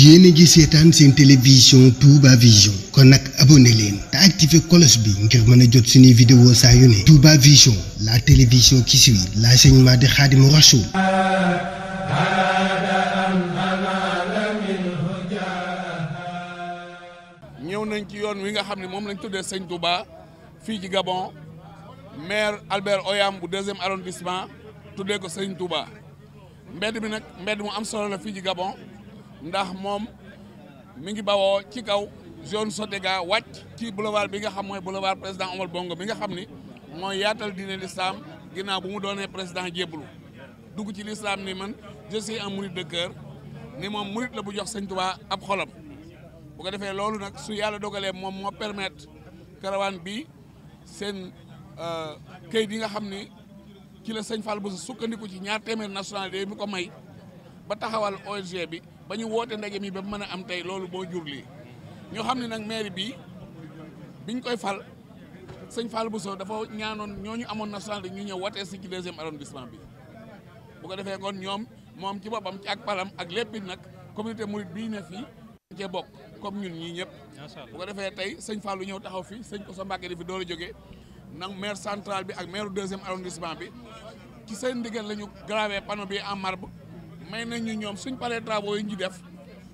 yéen a ngi seetaan seen télévision Touba Vision kon nag abonné leen te activé cloche bi ngir mën a jot suñuy vidéo saa yu ne Touba Vision la télévision qui suit l'enseignement de Khadimou Rassoul ñëw nañ ci yoon wi nga xam ne moom lañ tuddee Sëñ Touba fii ci Gabon maire Albert Oyam bu deuxième arrondissement tuddee ko Sëñ Touba mbedd bi nag mbedd mu am solo la fii ci Gabon ndax moom mu ngi bawoo ci kaw zone Sodega wàcc ci boulevard bi nga xam mooy boulevard président Omar Bongo bi nga xam ni mooy yaatal diine l'islam ginnaaw bu mu doonee président jébbalu dugg ci l'islam ni man je en un mouride ni moom murit la bu jox sëñ Tuubaa ab xolam bu ko defee loolu nag su yàlla dogalee moom moo permettre karawaan bi seen euh, këyit yi nga xam ni ci la sëñ Fall bu sukkandiku ci ñaar téeméer nationalité yi mu ko may ba taxawal ONG bi ba ñu wootee ndaje mi ba mën a am tey loolu boo jur ñoo xam ne nag maire bi biñ koy fal sëñ bu so dafa ñaanoon ñooñu amoon nationalité ñu ñëw wootee si ci deuxième arrondissement bi bu ko defee kon ñoom moom ci boppam ci ak palam ak lépp nag communauté mouride bii ne fii cee bokk comme ñun ñii ñëpp bu ko defee tey sëñ Fallou ñëw taxaw fi sëñ Kosso Mbacké di fi door a jógee nag maire central bi ak maire deuxième arrondissement bi ci seen ndigal la ñu gravé panneau bi en marbre may nañ ñu ñoom suñ paree travaux yi ñu def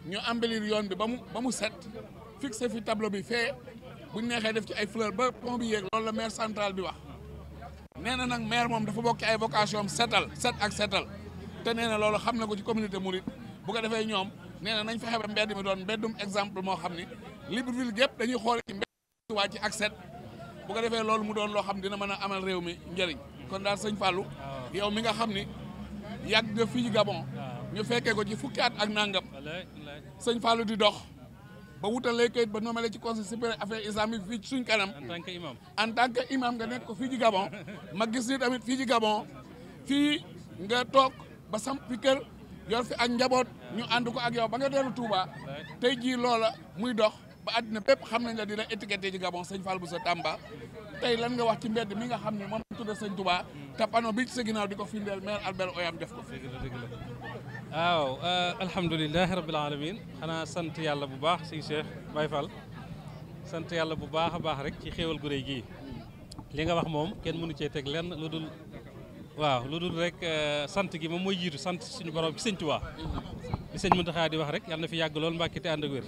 ñu embellir yoon bi ba mu ba mu set fixé fi tableau bi fee buñ neexee def ci ay fleur ba pont bi central bi wax nee na nag maire moom dafa bokk ay vocation setal set ak setal te nee na loolu xam ne ko ci communauté Mouride bu ko defee ñoom nee na nañ fexe ba mbedd mi doon mbeddum exemple moo xam ni Libreville gépp dañuy xool ci mbedd waa ak set bu ko defee loolu mu doon loo xam dina mën a amal réew mi njëriñ kon daal sëñ Fallou ah. yow mi nga xam ni yàgg nga fii Gabon ñu fekkee ko ci fukki at ak nangam sëñ Fallou di dox ba wutalee kayit ba nommé ci conseil supérieur affaires islamiques fii ci suñ kanam. en tant que imam en tant que imam nga nekk ko fii ci Gabon. ma gis ni tamit fii ci Gabon fii nga toog ba samp fi kër yor fi ak njaboot ñu ànd ko ak yow ba nga dellu Touba tey jii loola muy dox. ba àddina bépp xam nañ la di la étiqueté ci Gabon sëñ Fall bu sa Tamba tey lan nga wax ci mbedd mi nga xam ne moom tudde sëñ Touba te panneau bi ci sa ginnaaw di ko firndeel maire Albert Oyam def ko waaw euh, alhamdulilahi rabbil alamin xanaa sant yàlla bu baax sëñ Cheikh Baye Fall sant yàlla bu baax a baax rek ci xéewal gu réy gii li nga wax moom kenn mënu cee teg lenn lu dul waaw lu dul rek euh, sant gi moom mooy jiitu sant suñu borom ci sëñ Touba mm-hmm. li sëñ Mountakha di wax rek yàlla fi yàgg lool mbàkki te ànd ak wér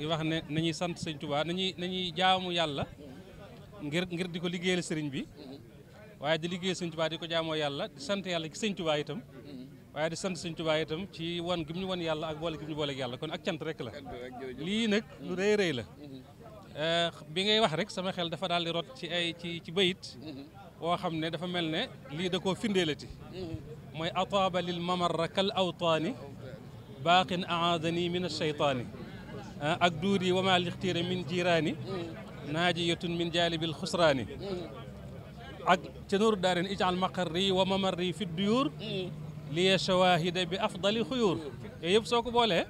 gi wax ne nañuy sant sëñ Tuubaa nañuy nañuy jaamu yàlla ngir di ko liggéeyal sëriñ bi waaye di liggéey sëñ di ko jaamoo yàlla di sant yàlla ci sëñ Tuubaa itam waaye di sant sëñ itam ci wan gi ñu wan yàlla ak boole gi ñu booleeg yàlla kon ak cant rek la lii nag lu rëy rëy la eh, bi ngay wax rek sama xel dafa daal di rot ci ay ci ci bayit woo xam ne dafa mel ne lii da koo findeelati mooy ataaba lil mamarra kal awtaani baaqin aadani min ashaytaani Eh, ak duudi wama lixtiire min jiiraani naaji yotun min jaalibil xusraani ak ca nooru daaren ijaal maqarri wa mamarri fi duyuur liya shawahida bi afdali xuyuur yooyu yëpp soo ko boolee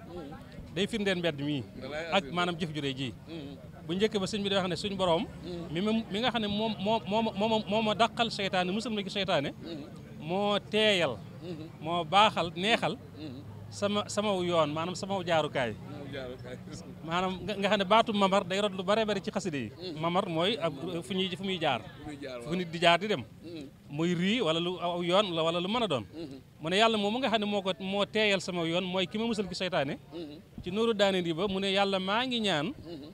day firndeen mbedd mii ak maanaam jëf ju rëy ji bu njëkk ba sëñ bi day wax ne suñ borom mi mi nga xam ne moom moo moo moo ma dàqal seytaane musal ma ci seytaane moo teeyal moo baaxal neexal sama samaw yoon maanaam samaw jaarukaay maanaam nga xam ne baatu mamar day rot lu bare bari ci xaside yi mm. mamar mooy fu ñuy fu muy jaar fu nit di jaar di dem mm. muy rii wala lu aw yoon wala lu mën a doon mm-hmm. mu ne yàlla moom mu nga xam ne moo ko moo teeyal sama yoon mooy ki ma musal ki seytaane mm-hmm. ci nooru daaneen yi ba mu ne yàlla maa ngi ñaan mm-hmm.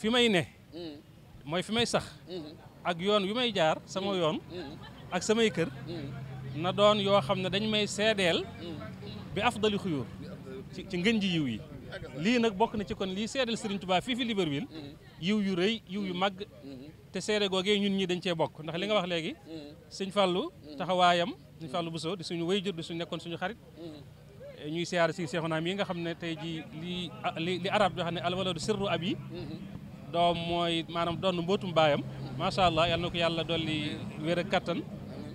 fi may ne mm. mooy fi may sax ak yoon wi may jaar sama yoon ak samay kër na doon yoo xam ne dañ may seedeel bi afdali xuyur ci ngën ji yiw yi lii nag bokk na ci kon lii seedal Serigne Touba fii fi Libreville mhm. yiw yu rëy yiw yu màgg mhm. te seede googee ñun ñii dañ cee bokk ndax li nga wax léegi mhm. sëñ Fallou taxawaayam sëñ Fallou Bousso di suñu wayjur di suñu nekkoon suñu xarit ñuy siyaar si seexunaam yi nga xam ne tey ji li li arab yoo xam ne alwaladu sirru ab yi doom mooy maanaam doon mbootum baayam macha allah yal na ko yàlla dolli wér ak kattan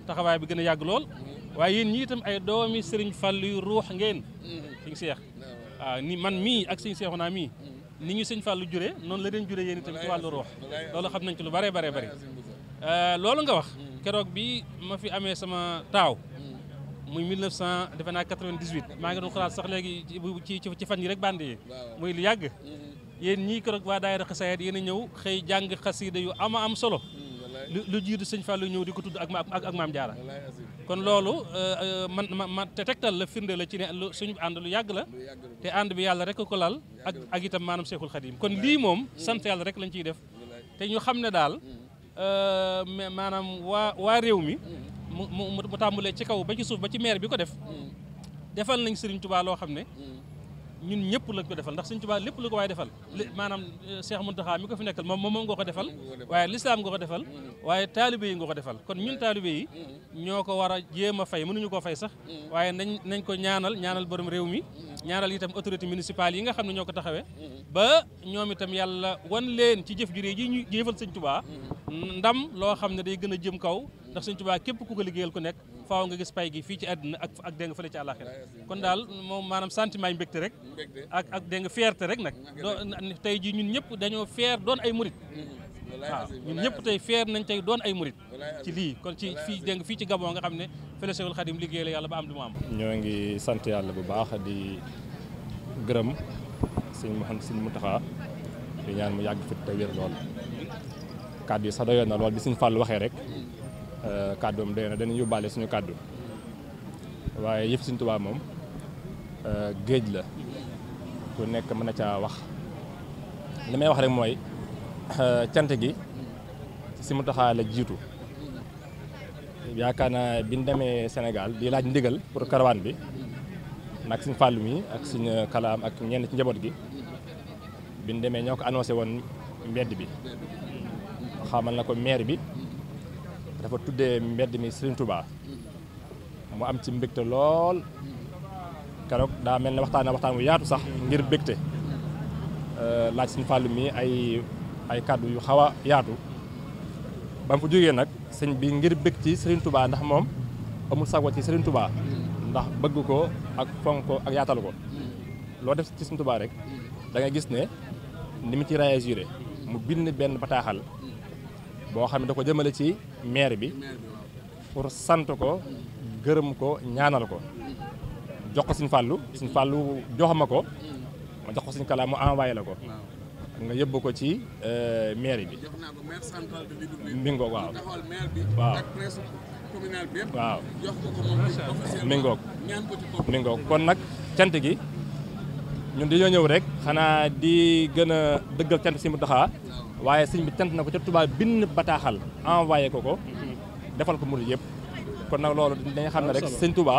taxawaay bi gën a yàgg lool waaye yéen ñi itam ay doomi Serigne Fallou yu ruux ngeen suñu seex waaw ah, ni man mii ak sëñ naa mii ni ñu sëñ Fallou juree noonu la leen jure yéen itam ci wàllu ruux loolu xam nañ ci lu bare bare bari ah, loolu nga wax keroog bi ma fi amee sama taaw muy 1900 defe naa 98 maa ngi doon xalaat sax léegi ci ci fan yi rek bànd yi muy lu yàgg yéen ñii keroog waa daayira xasaayid yéen a ñëw xëy jàng xasiida yu ama am solo hmm, lu jiitu sëñ Fallou ñëw di ko tudd ak ak maam Jaara kon loolu euh, man ma te tegtal la firnde la ci ne lu suñu ànd lu yàgg la te ànd bi yàlla rek ko lal ak ak itam maanaam Seexul Xadiim kon lii moom sant yàlla rek lañ ciy def te ñu xam ne daal mm. euh, maanaam waa waa réew mi mm. mu mu mu tàmbalee ci kaw ba ci suuf ba ci maire bi ko def mm. defal nañ Sëriñ Tuubaa loo xam ne ñun ñëpp lañ ko defal ndax Sëñ Tuubaa lépp lu ko waaye defal maanaam euh, Cheikh Mountakha mi ko fi nekkal moom moom nga ko defal waaye lislaam nga ko defal waaye taalibe yi nga ko defal kon ñun taalibe yi ñoo ko war a jéem a fay mënuñu koo fay sax waaye nañ nañ ko ñaanal ñaanal borom réew mi ñaanal itam autorité municipale yi nga xam ne ñoo ko taxawee ba ñoom itam yàlla wan leen ci jëf jurée ji ñu jëfal Sëñ Tuubaa ndam loo xam ne day gën a jëm kaw ndax Sëñ tubaa képp ku ko liggéeyal ku nekk faaw nga gis pay gi fii ci àddina ak ak dégg ci àllaaxira kon daal moom maanaam sentiment yi mbégte rek ak ak dégg nga rek nag tey jii ñun ñëpp dañoo fier doon ay murit mm-hmm. waaw ñun ñëpp tey fier nañ tey doon ay murit ci lii kon ci fii dégg fii ci Gabon nga xam ne fële Cheikhul Khadim liggéey la yàlla ba am lu mu am ñoo ngi sant yàlla bu baax di gërëm sëñ Mouhamed sëñ Mountakha di ñaan mu yàgg fit te wér lool kàddu yi sax doyoon na lool bi sëñ waxee rek Euh, kàddoom doy na danañ yóbbaale suñu kàddu waaye yëf Sëñ Tuubaa moom euh, géej la ku nekk mën na caa wax li may wax rek mooy euh, cant gi si mu taxaa la jiitu yaakaar na bi ñu demee Sénégal di laaj ndigal pour karawaan bi nag suñ fàllu mi ak suñ kalaam ak ñenn ci njaboot gi bi ñu demee ñoo ko annoncé woon mbedd bi xamal na ko maire bi dafa tuddee mbedd mi Serigne Touba mu am ci mbégte lool keroog daa mel ne waxtaanee waxtaan bu yaatu sax ngir bégte euh, laaj Serigne Fallou mi ay ay kàddu yu xaw a yaatu ba mu fa jógee nag sëñ bi ngir bég ci sëriñ tubaa ndax moom amul sago ci Serigne tubaa ndax bëgg ko ak fonk ko ak yaatal ko loo def ci Serigne Touba rek da gis ne ni mu ci réagiré mu bind benn bataaxal boo xam ne da ko jëmale ci maire bi pour sant ko gërëm ko ñaanal ko jox ko suñ fàllu suñ fàllu jox ma ko ma jox ko suñ kalaam mu envoyé ko nga yóbbu ko ci euh, mairie bi mbingoog waaw waaw waaw kon nag cant gi ñun dañoo ñëw rek xanaa di gën dëggal cant si mu taxaa waaye sëñ bi cant na ko ca Touba bind bataaxal envoyé ko ko defal ko murid yëpp kon nag loolu dañuy xam ne rek sëñ Touba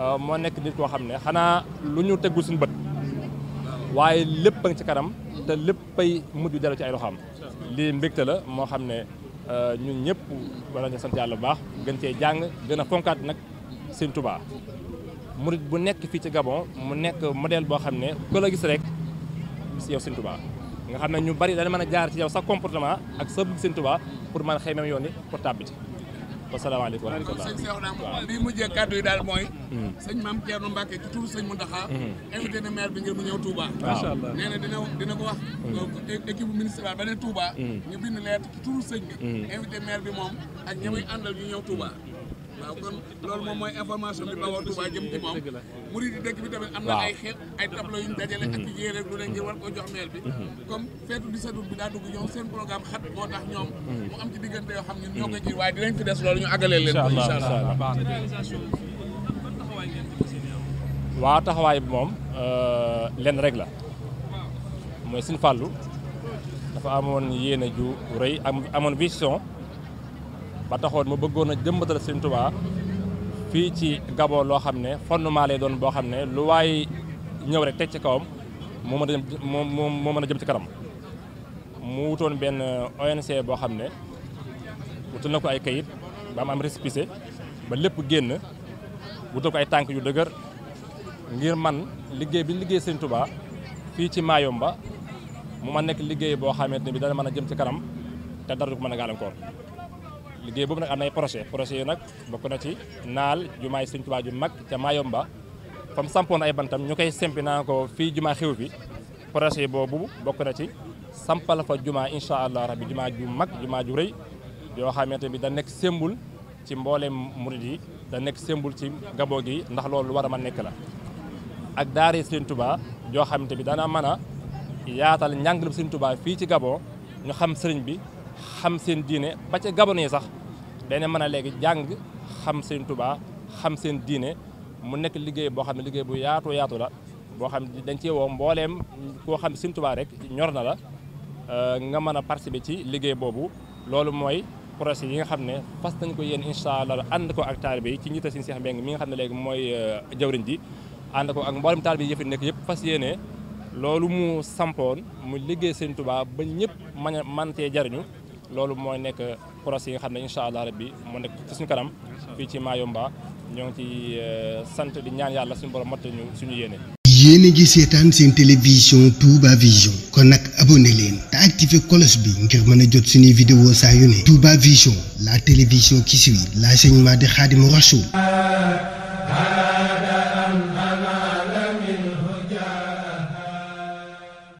euh, moo nekk nit koo xam ne xanaa lu ñu teggul suñu bët waaye lépp a ci kanam te léppay mujj dellu ci ay loxoom lii mbégte la moo xam ne euh, ñun ñëpp war nañu sant yàlla bu baax gën cee jàng gën a fonkaat nag sëñ Touba bu nekk fii ci Gabon mu nekk modèle boo xam ne ku la gis rek si yow sëñ nga xam ne ñu bari dana man a jaar ci yow sa comportement ak sa bëgg Sëñ Tuubaa pour mën a xëy même yoon pour tàbbiti asalaamaaleykum wa rahmatulah sëñ Seex naa bi mujjee kàddu yi daal mooy hmm. sëñ Maam Thierno Mbacke ci tur sëñ Mountakha hmm. invité na maire bi ngir mu ñëw Touba macha Allah nee na ko wax hmm. équipe municipale ba ne Touba ñu bind lettre ci tur sëñ bi invité maire bi moom ak ñi muy àndal ñu ñëw Touba waaw kon loolu moom mooy information bi bawoo Touba jëm ci moom murid yi dëkk bi tamit am na ay xeet ay tableau yu ñu dajale ak yére lu ne ngir war koo jox maire bi mhm. comme feetu di sadul bi daa dugg ñoom seen programme xat moo tax ñoom mu am ci diggante yoo xam ne ñoo ko ji waaye dinañ fi des loolu ñu àggalee leen taxawaay bi moom euh, lenn rek la mooy Sëñ Fallou dafa amoon yéene ju rëy amoon vision ba taxoon ma bëggoon a jëmbatal Sëriñ Tuubaa fii ci Gabon loo xam ne fondement doon boo xam ne lu waaye ñëw rek teg ci kawam moo mën a jëm mën a jëm ci kanam mu wutoon benn ONC boo xam ne wutal na ko ay kayit ba mu am récépissé ba lépp génn wutal ko ay tànk yu dëgër ngir man liggéey bi liggéey Sëriñ Tuubaa fii ci Mayumba mu ma nekk liggéey boo xamante ne bi dana mën a jëm ci kanam te dara du ko mën a gàllankoor liggéey boobu nag am na ay projet projet yi nag bokk na ci naal jumaa Sëñ Tuubaa ju mag ca Mayomba fam sampoon ay bantam ñu koy sempi naa ko fii jumaa xew bi projet boobu bokk na ci sampal fa jumaa incha allah rabbi jumaa ju mag jumaa ju yoo xamante bi da nekk sembul ci mbooleem murid yi da nekk sembul ci gaboo gi ndax loolu lu war a mën nekk la ak daara Sëñ Tuubaa yoo xamante bi dana mën a yaatal njàngalub Sëñ tubaa fii ci gaboo ñu xam sëriñ bi xam seen diine ba ca gabonee sax dana mën a léegi jàng xam seen tubaa xam seen diine mu nekk liggéey boo xam ne liggéey bu yaatu yaatu la boo xam ne dañ cee woo mbooleem koo xam seen tubaa rek ñor na la euh, nga mën a participer ci liggéey boobu loolu mooy projet yi nga xam ne fas nañ ko yéen incha allah ànd ko ak taalibe yi ci njiital Sëriñ Seex Mbeng mi nga xam ne léegi mooy euh, jawriñ ji ànd ko ak mboolem taalibe yi yëf yi nekk yëpp fas yéene loolu mu sampoon mu liggéey Sëriñ Tuubaa ba ñëpp man mantee jariñu loolu mooy nekk procès yi nga xam ne incha allah bi moo nekk ci suñu kanam fii ci Mayumba ñoo ngi ci euh, sant di ñaan yàlla suñu borom mat ñu suñu yéene. yéen a ngi seetaan seen télévision Touba Vision kon nag abonné leen te activé cloche bi ngir mën a jot suñuy vidéo saa yu ne Touba Vision la télévision qui suit l'enseignement de Khadimou Rassoul